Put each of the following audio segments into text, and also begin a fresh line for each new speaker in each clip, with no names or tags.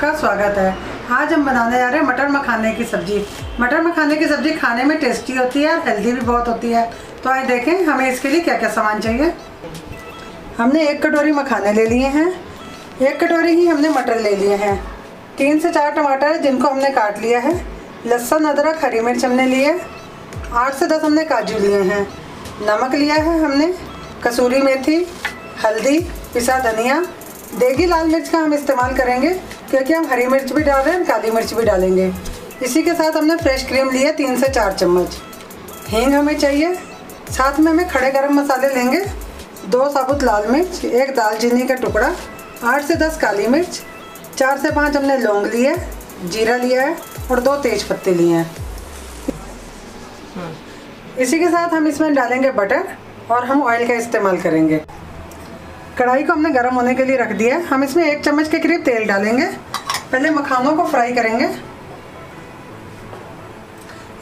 आपका स्वागत है आज हम बनाने जा रहे हैं मटर मखाने की सब्ज़ी मटर मखाने की सब्ज़ी खाने में टेस्टी होती है और हेल्दी भी बहुत होती है तो आइए देखें हमें इसके लिए क्या क्या सामान चाहिए हमने एक कटोरी मखाने ले लिए हैं एक कटोरी ही हमने मटर ले लिए हैं तीन से चार टमाटर जिनको हमने काट लिया है लहसुन अदरक हरी मिर्च हमने लिए आठ से दस हमने काजू लिए हैं नमक लिया है हमने कसूरी मेथी हल्दी पिसा धनिया देगी लाल मिर्च का हम इस्तेमाल करेंगे क्योंकि हम हरी मिर्च भी डाल रहे हैं काली मिर्च भी डालेंगे इसी के साथ हमने फ्रेश क्रीम लिया तीन से चार चम्मच हींग हमें चाहिए साथ में हमें खड़े गरम मसाले लेंगे दो साबुत लाल मिर्च एक दालचीनी का टुकड़ा आठ से दस काली मिर्च चार से पाँच हमने लौंग लिया जीरा लिया है और दो तेज पत्ते लिए हैं हम्म। इसी के साथ हम इसमें डालेंगे बटर और हम ऑयल का इस्तेमाल करेंगे कढ़ाई को हमने गर्म होने के लिए रख दिया है हम इसमें एक चम्मच के करीब तेल डालेंगे पहले मखानों को फ्राई करेंगे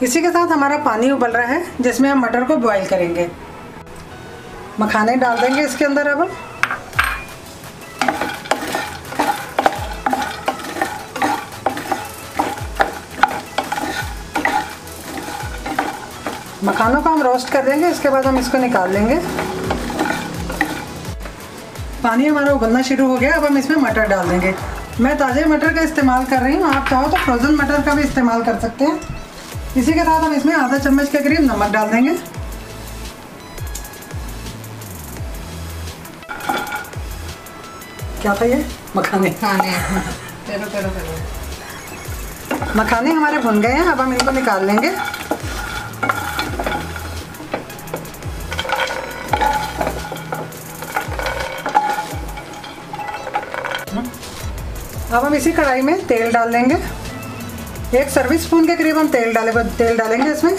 इसी के साथ हमारा पानी उबल रहा है जिसमें हम मटर को बॉईल करेंगे मखाने डाल देंगे इसके अंदर अब मखानों को हम रोस्ट कर देंगे इसके बाद हम इसको निकाल लेंगे पानी हमारा उबलना शुरू हो गया अब हम इसमें मटर डाल देंगे मैं ताज़े मटर का इस्तेमाल कर रही हूँ आप चाहो तो फ्रोज़न मटर का भी इस्तेमाल कर सकते हैं इसी के साथ हम इसमें आधा चम्मच के करीब नमक डाल देंगे क्या था ये मखाने मखाने तेरो, तेरो, तेरो। मखाने हमारे भुन गए हैं अब हम इनको निकाल लेंगे अब हम इसी कढ़ाई में तेल डाल देंगे एक सर्विस स्पून के करीब हम तेल डाले तेल डालेंगे इसमें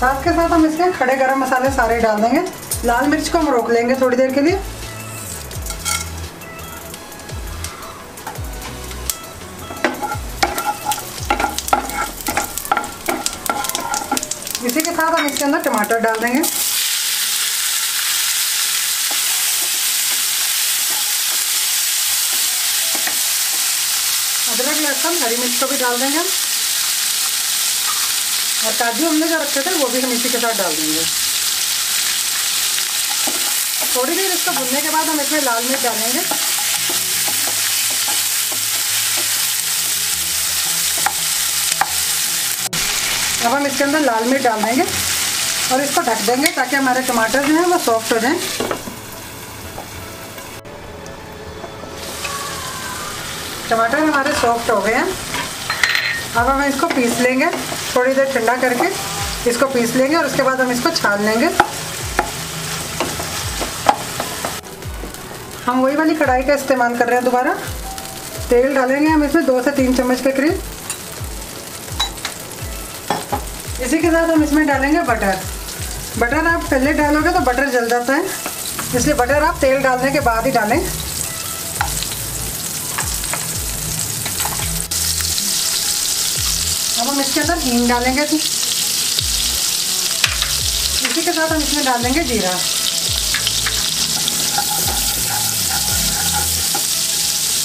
साथ के साथ हम इसके खड़े गरम मसाले सारे डाल देंगे लाल मिर्च को हम रोक लेंगे थोड़ी देर के लिए इसी के साथ हम इसके अंदर टमाटर डाल देंगे हम हरी मिर्च को भी डाल देंगे हम और काजू हमने जो रखे थे वो भी हम इसी के साथ डाल देंगे थोड़ी देर इसको भुनने के बाद हम इसमें लाल मिर्च डालेंगे अब हम इसके अंदर लाल मिर्च डाल देंगे और इसको ढक देंगे ताकि हमारे टमाटर जो हैं वो सॉफ्ट हो जाएं टमाटर हमारे सॉफ्ट हो गए हैं अब हम इसको पीस लेंगे थोड़ी देर ठंडा करके इसको पीस लेंगे और उसके बाद हम इसको छान लेंगे हम वही वाली कढ़ाई का इस्तेमाल कर रहे हैं दोबारा तेल डालेंगे हम इसमें दो से तीन चम्मच के करीब इसी के साथ हम इसमें डालेंगे बटर बटर आप पहले डालोगे तो बटर जल जाता है इसलिए बटर आप तेल डालने के बाद ही डालें हम इसके अंदर हींग डालेंगे तो। इसी के साथ हम इसमें डाल देंगे जीरा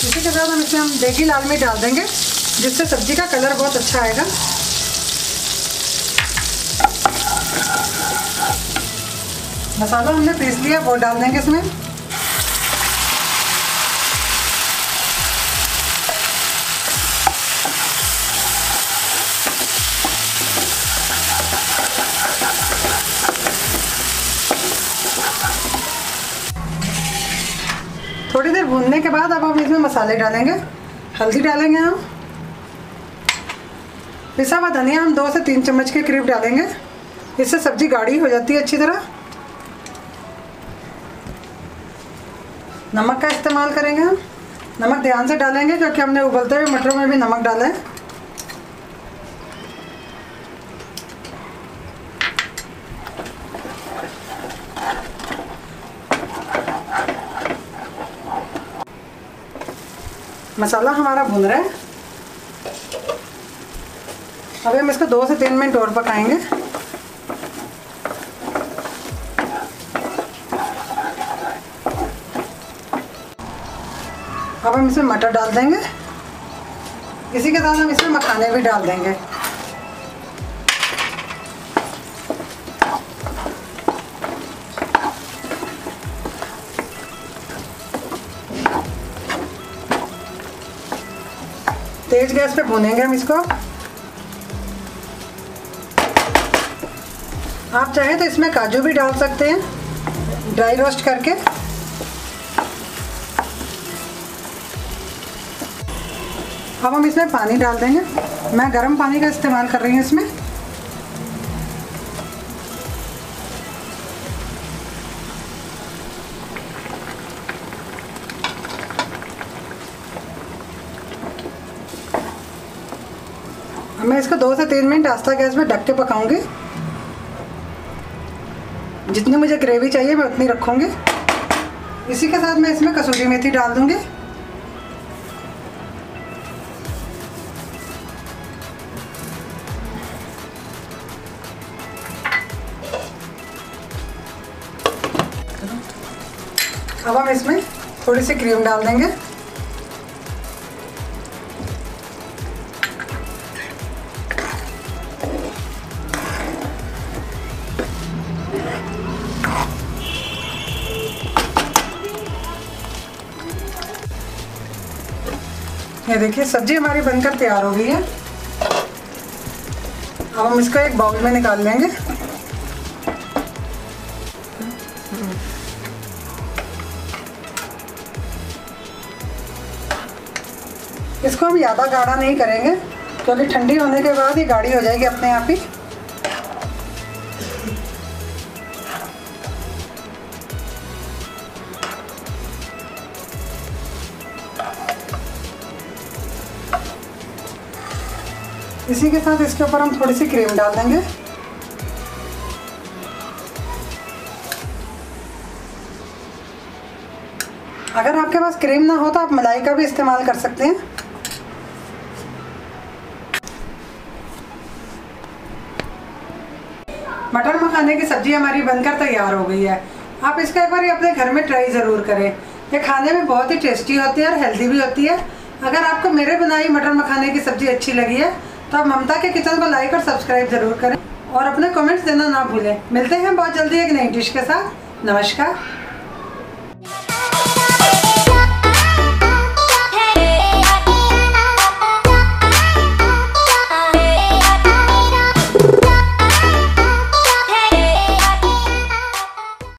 इसी के साथ हम इसमें हम देगी लाल मिर्च डाल देंगे जिससे सब्जी का कलर बहुत अच्छा आएगा मसाला हमने पीस लिया वो डाल देंगे इसमें थोड़ी देर भूनने के बाद अब हम इसमें मसाले डालेंगे हल्दी डालेंगे हम पिसा हुआ धनिया हम दो से तीन चम्मच के करीब डालेंगे इससे सब्जी गाढ़ी हो जाती है अच्छी तरह नमक का इस्तेमाल करेंगे हम नमक ध्यान से डालेंगे क्योंकि हमने उबलते हुए मटरों में भी नमक डाला है मसाला हमारा भुन रहा है अभी हम इसको दो से तीन मिनट और पकाएंगे अब हम इसमें मटर डाल देंगे इसी के साथ हम इसमें मखाने भी डाल देंगे तेज गैस पे भूनेंगे हम इसको आप चाहें तो इसमें काजू भी डाल सकते हैं ड्राई रोस्ट करके अब हम इसमें पानी डाल देंगे मैं गर्म पानी का इस्तेमाल कर रही हूँ इसमें इसको दो से तीन मिनट आस्था गैस में ढक के पकाऊंगी जितनी मुझे ग्रेवी चाहिए मैं उतनी रखूंगी इसी के साथ मैं इसमें कसूरी मेथी डाल दूंगी अब हम इसमें थोड़ी सी क्रीम डाल देंगे ये देखिए सब्जी हमारी बनकर तैयार हो गई है अब हम इसको एक बाउल में निकाल लेंगे इसको हम ज़्यादा गाढ़ा नहीं करेंगे क्योंकि ठंडी होने के बाद ही गाढ़ी हो जाएगी अपने आप ही इसी के साथ इसके ऊपर हम थोड़ी सी क्रीम डाल देंगे अगर आपके पास क्रीम ना हो तो आप मलाई का भी इस्तेमाल कर सकते हैं मटर मखाने की सब्ज़ी हमारी बनकर तैयार हो गई है आप इसका एक बार अपने घर में ट्राई ज़रूर करें ये खाने में बहुत ही टेस्टी होती है और हेल्दी भी होती है अगर आपको मेरे बनाई मटर मखाने की सब्ज़ी अच्छी लगी है तो आप ममता के किचन को लाइक और सब्सक्राइब जरूर करें और अपने कमेंट्स देना ना भूलें मिलते हैं बहुत जल्दी एक नई डिश के साथ नमस्कार